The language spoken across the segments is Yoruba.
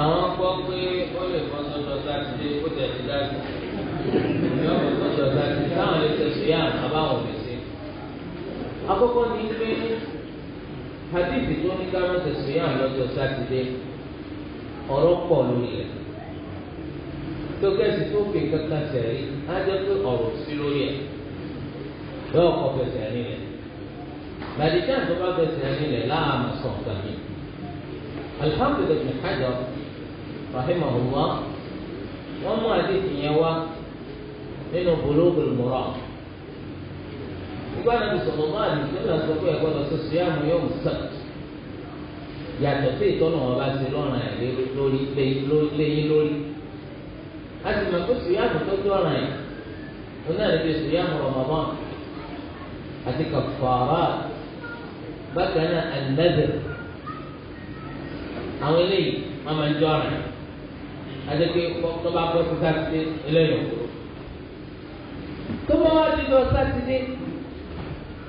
àwọn gbọ́ pé ó lè bọ́ sọ́jọ́ sátidé ó tẹ̀ sí dájú yóò bọ́ sọ́jọ́ sátidé táwọn lè tẹ̀sí yá àbáwọn òbí sí. akọ́kọ́ ni pé hadithi tó ní káwọn tẹ̀sí yá lọ́jọ́ sátidé ọ̀rọ̀ pọ̀ lórí rẹ̀ tó kẹ́sì tó fi kankan sẹ̀rí á jẹ́ pé ọ̀rọ̀ sí lórí ẹ̀ yóò kọ́ fẹsẹ̀ nílẹ̀ bàdìjà tó bá fẹsẹ̀ nílẹ̀ láàmú sọ̀kan yìí alhamdulilayi rahimahullah wọ́n mú àdéhùn yẹn wá nínú bulugul mọ́rọ́ nígbà náà sọ̀rọ̀ máa ní sílẹ̀ sọ pé ẹ̀kọ́ lọ sí síámù yóò mú sẹ́t yàtọ̀ sí ìtọ́nà wọn bá ti lọ́ràn ẹ̀ lórí léyìn lórí a sì mọ̀ pé síámù tó dọ́ràn ẹ̀ wọn náà níbi síámù Ramadan àti kàfàrà bákan náà an-nadhr àwọn eléyìí wọn máa ń jọ́ràn ẹ̀ adéke tó bá bọ́ sí sátidé eléyìí òkúrò tó bá wá dídọ̀ sátidé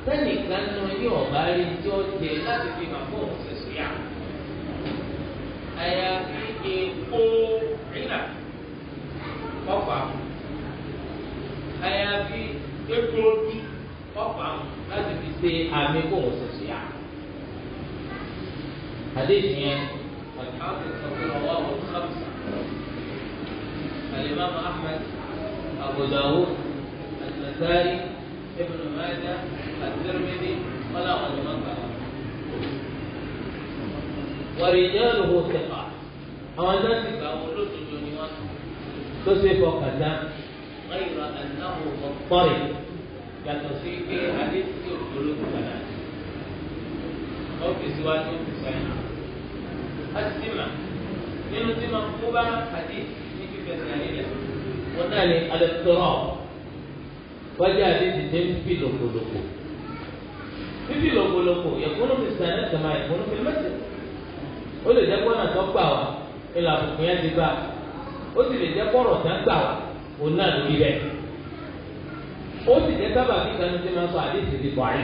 sẹ́nìkan nù ní ọ̀bá rí tí ó jẹ láti fi hàn fún òṣèṣù yá àyàfi èkó rírà ọ̀pá àyàfi èkó ojú ọ̀pá láti fi ṣe àmì fún òṣèṣù yá àdéhùn yẹn. والحافظ رضي الله خمسه الإمام أحمد أبو داوود النسائي ابن ماجه الترمذي ولا غير من ورجاله ثقات هو ذلك أقول سجون كسب وكذا غير أنه مضطرب يتصيب به حديث جلوس ثلاثة أو في سواد السمع السمة من السمة حديث wọn náà ní alẹ́tọ́rọ̀ wájú àdéhùn ní bíbí lòkòlòkò bíbí lòkòlòkò yẹ̀kúnú fi sàn náà tẹ̀má yẹ̀kúnú fi mẹ́tẹ̀ ó lè jẹ́ kọ́nà tó gbà wá ilà àbùkù yẹn ti gbà ó sì lè jẹ́ kọ́rọ̀ tó gbà wá òun náà lórí rẹ̀ ó sì jẹ́ sábà bí kan ti máa sọ àdéhùn ti bọ̀ àyè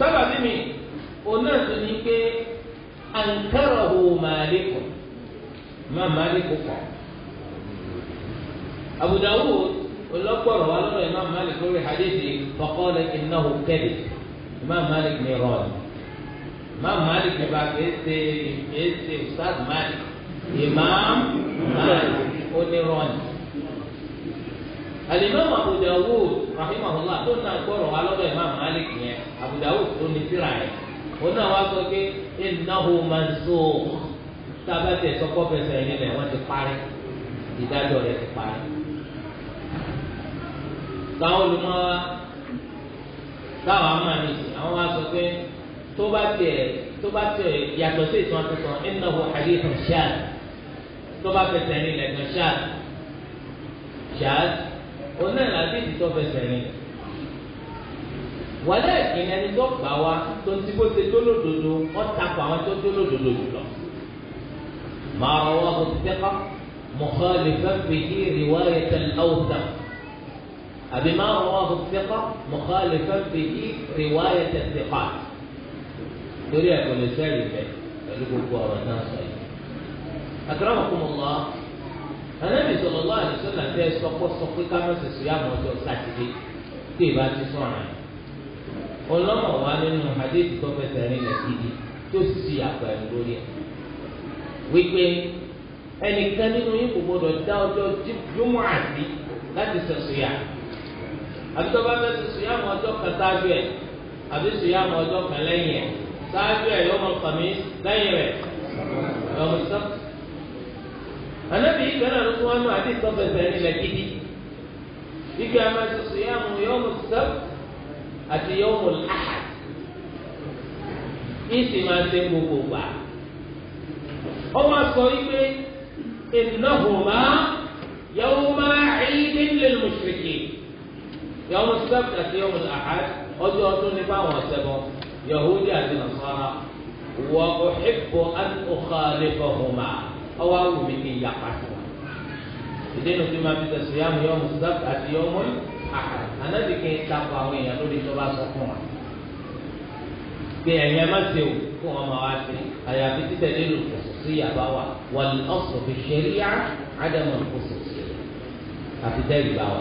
sábà bí mi òun náà tún ní pé àǹkárọ̀ hù màálé kù. Imam Malik kọ Abu Dawud olókpọrọ wa lọ́rọ̀ Imam Malik lórí hadithi faqala innahu kadhib Imam Malik ní rọọlì Imam Malik ní ba kéésè kéésè Ustaz Malik Imam Malik ó ní rọọlì alimami Abu Dawud rahimahullah tó nà gbọrọ wa lọ́rọ̀ Imam Malik yẹn Abu Dawud tó ní tírà yẹn ó nà wá sọ pé innahu mansukh tá a bá tẹ̀ sọ́kọ́ fẹsẹ̀ yẹn lẹ̀ wọ́n ti parí ìdájọ́ rẹ̀ ti parí. táwọn olùmọ́wá táwọn amáni àwọn wa sọ pé tó bá tẹ̀ tó bá tẹ̀ yàtọ̀ sí ìtàn tuntun innahu hadithun shad tó bá fẹsẹ̀ yẹn lẹ̀ gan shad shad onáà láti ìdìtọ́ fẹsẹ̀ yẹn lẹ̀ wàlẹ́ ìkíni ẹni tó gbà wá tó ti bó ṣe tó lódodo wọ́n takọ̀ àwọn tó tó lódodo jùlọ. ما رواه الثقة مخالفا به رواية الأوثق أبي ما رواه الثقة مخالفا به رواية الثقات تريد كل ذلك يقول الناس أكرمكم الله النبي صلى الله عليه وسلم في أسفق وصفق كما سيسيام وصفق ساتجي في بات صنع قلنا موالين من حديث كوفة ثانية سيدي تسيسي أكبر wípé ẹnìkan nínú yín kò gbọdọ̀ dá ọjọ́ jùmọ̀ àti láti sọ̀sọ̀ yà àbí tó bá fẹ́ sọ̀sọ̀ yà mọ́ ọjọ́ kan sáájú ẹ̀ àbí sọ̀sọ̀ yà mọ́ ọjọ́ kan lẹ́yìn ẹ̀ sáájú ẹ̀ yóò mọ kàmí lẹ́yìn rẹ̀ lọ́wọ́ sọ. ànábì yìí náà ló fún wa nù àti ìsọfẹsẹ nílẹ̀ gidi ike àmà sọ̀sọ̀ yà mọ́ sọ àti yóò láhà ìsìn máa ń ọwọ́ sọ wípé ìnáhùnmá yàwó máa ẹ̀yìn nílẹ̀ mùsùlùmí yàwó sẹ́fù àti yàwó àhàd ọjọ́ ọdún nípa àwọn ọ̀sẹ̀bọ yahudi àti nasara wà òhìbò àtúkàlẹ́fọ̀hùnmá ọwọ́ àwọn mi kì í yà pàtó ìdí inú fi máa fi tẹ̀sí yàwó yàwó sẹ́fù àti yàwó àhàd ànábì kì í takò àwọn èèyàn lórí tó bá sọ fún wa pé ẹ̀yẹ má ṣe o fún ọmọ wa ṣe àyàfi títẹ̀lé lòtọ̀ khususiyya bá wà wal aslu fi shari'a adamul khususiyya àfi tẹ́lẹ̀ bá wà.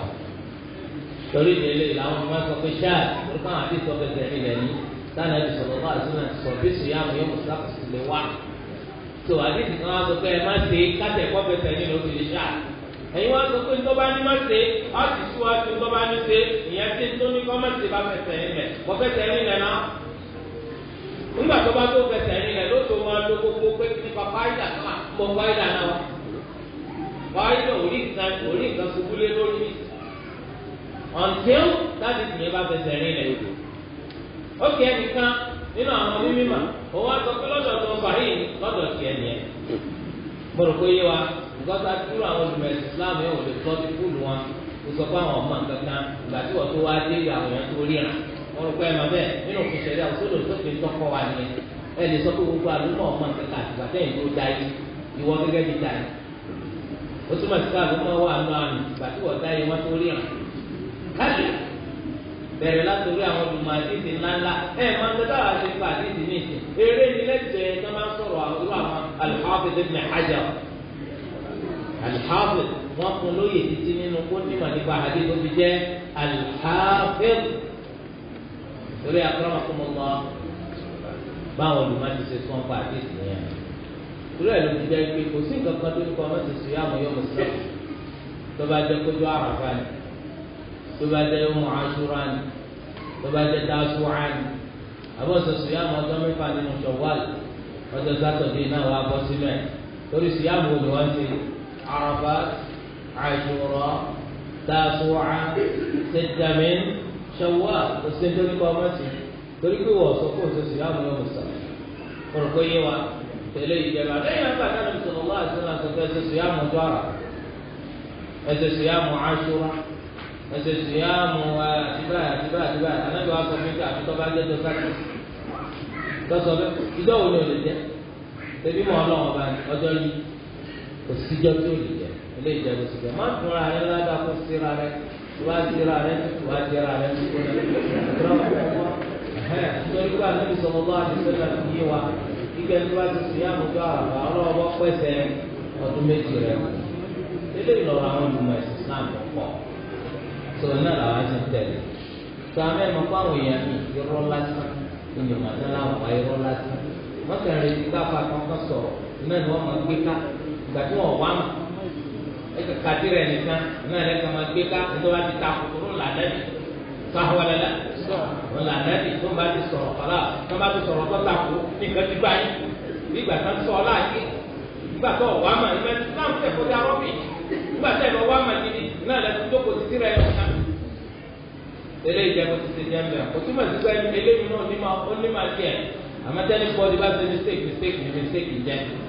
torí ìdílé làwọn ọmọ sọ pé ṣáà orúkọ àwọn àti ìsọfẹsẹ ilẹ̀ ní sáà nàbì sọ̀rọ̀ bá àti sọ̀rọ̀ sọ̀rọ̀ bí sùn yàmù yóò mú sàkóso lè wà. tó àdéhùn kan wá sọ pé ẹ má ṣe kátẹ kọfẹsẹ ní ló fi lè ṣáà. ẹ̀yin wá sọ pé tó bá má ṣe á nígbà tó bá tó fẹsẹ̀ nílẹ̀ ló tó máa lo gbogbo pé nípa fáyidà náà mọ fáyidà náà wá fáyidà orí nǹkan orí nǹkan ṣubú lé lórí mi until bá fẹsẹ̀ nílẹ̀ odò ó kí ẹnìkan nínú àwọn sọ pé lọ́dọ̀ tó ń parí lọ́dọ̀ nìyẹn mo rò pé yé wa nǹkan tá a dúró àwọn olùmọ̀ Islam yẹn ò lè tọ́ sí fúlù wọn wọn rò pé ẹ máa bẹ́ẹ̀ nínú òfin ṣẹlẹ̀ òṣèlú sókè tọkọ wa ni ẹ lè sọ pé gbogbo àlùmọ̀ ọmọ kẹta àtìgbà tẹ̀yìn tó da yìí ìwọ gẹ́gẹ́ bí da yìí ó túmọ̀ sí pé àlùmọ̀ wà nù àmì ìgbà tí wọ́n da yìí wọ́n tó rí hàn káàdì bẹ̀rẹ̀ látòrí àwọn olùmọ̀ àdìsí ńláńlá ẹ máa ń tẹ́ táwọn àti ìfà àdìsí ní ìsìn eré ni lẹ́gbẹ̀ẹ́ tó máa ń sọ̀rọ̀ irú àwọn al-Hafiz ibn Hajar wọn kún lóye títí nínú kó nímọ̀ nípa àdìsí tó fi jẹ́ torí akọ́nà fún mi mọ́ báwọn olùmọ̀tì ṣe fún ọkọ̀ àti ìsìnyẹn torí ẹ̀ ló ti jẹ́ pé kò sí nǹkan kan tó ní kọ́ ọmọ ti sùn yá àwọn yọmọ sí tó bá jẹ́ kójú àràfà ni tó bá jẹ́ yọmọ aṣúra ni tó bá jẹ́ dáṣúra ni àbọ̀ sọ yá àwọn ọjọ́ mẹ́fà nínú ṣọ̀wáàlì ọjọ́ sátọ̀dé náà wà bọ́ sílẹ̀ torí sùn yá àwọn olùwọ́ntì àràfà àṣúra dáṣúra tẹ́tàmín. ṣàwùwá kò sí nítorí kọ́ ọmọ sí torí pé wọ́n sọ fún òṣèṣì sọ pé yé wa tẹ̀lé ìjẹba lẹ́yìn àgbà náà ní sọ̀rọ̀ wá àti tó àrà ẹsẹ̀ ẹsẹ̀ ìwádìíra rẹ ìwádìíra rẹ nítorí pé àlejò sọ̀rọ̀ lọ́wọ́ àdìsẹ́lẹ̀ ti yé wa kíkẹ́ ní wá ti sùn yá àmúgbó àràbà ọlọ́wọ́ pẹ̀sẹ̀ ọdún méjì rẹ̀ nílé ìlọrin àwọn ìlú ẹ̀sìn Islam pọ̀ sọ̀rọ̀ náà làwọn ti tẹ̀lé sọ àmì ẹ̀mọ́ fáwọn èèyàn mi irọ́ lásán ìyọ̀mọ̀ náà làwọn pa irọ́ lásán wọ́n kẹrin ti gbáfa kankan sọ̀rọ̀ náà ẹkẹ kati rẹ nìkan náà lẹ kama gbé ká ẹtọ́ bá ti ta kòkòrò lànà bi sáwọn lẹ́la wọn lànà bi tó bá ti sọ̀rọ̀ kọ́lá tó bá ti sọ̀rọ̀ tó takò nìkan ti gbà yín nígbà tó ń sọ ọ́ láàyè nígbà tó wà mà ní mẹ́tí náà tẹ̀ kó dá rọ́bì nígbà tó ẹ̀rọ wà mà níbi náà lẹ́tọ́ tó kò títí rẹ lọ́nà. eléyìí jẹ́ kó ti ṣe jẹ́ kò túmọ̀ sí pé eléyìí náà ó ní máa jẹ́ àmọ́tẹ́ni pọ́ọ́dì bá ṣe mistake mistake mistake jẹ́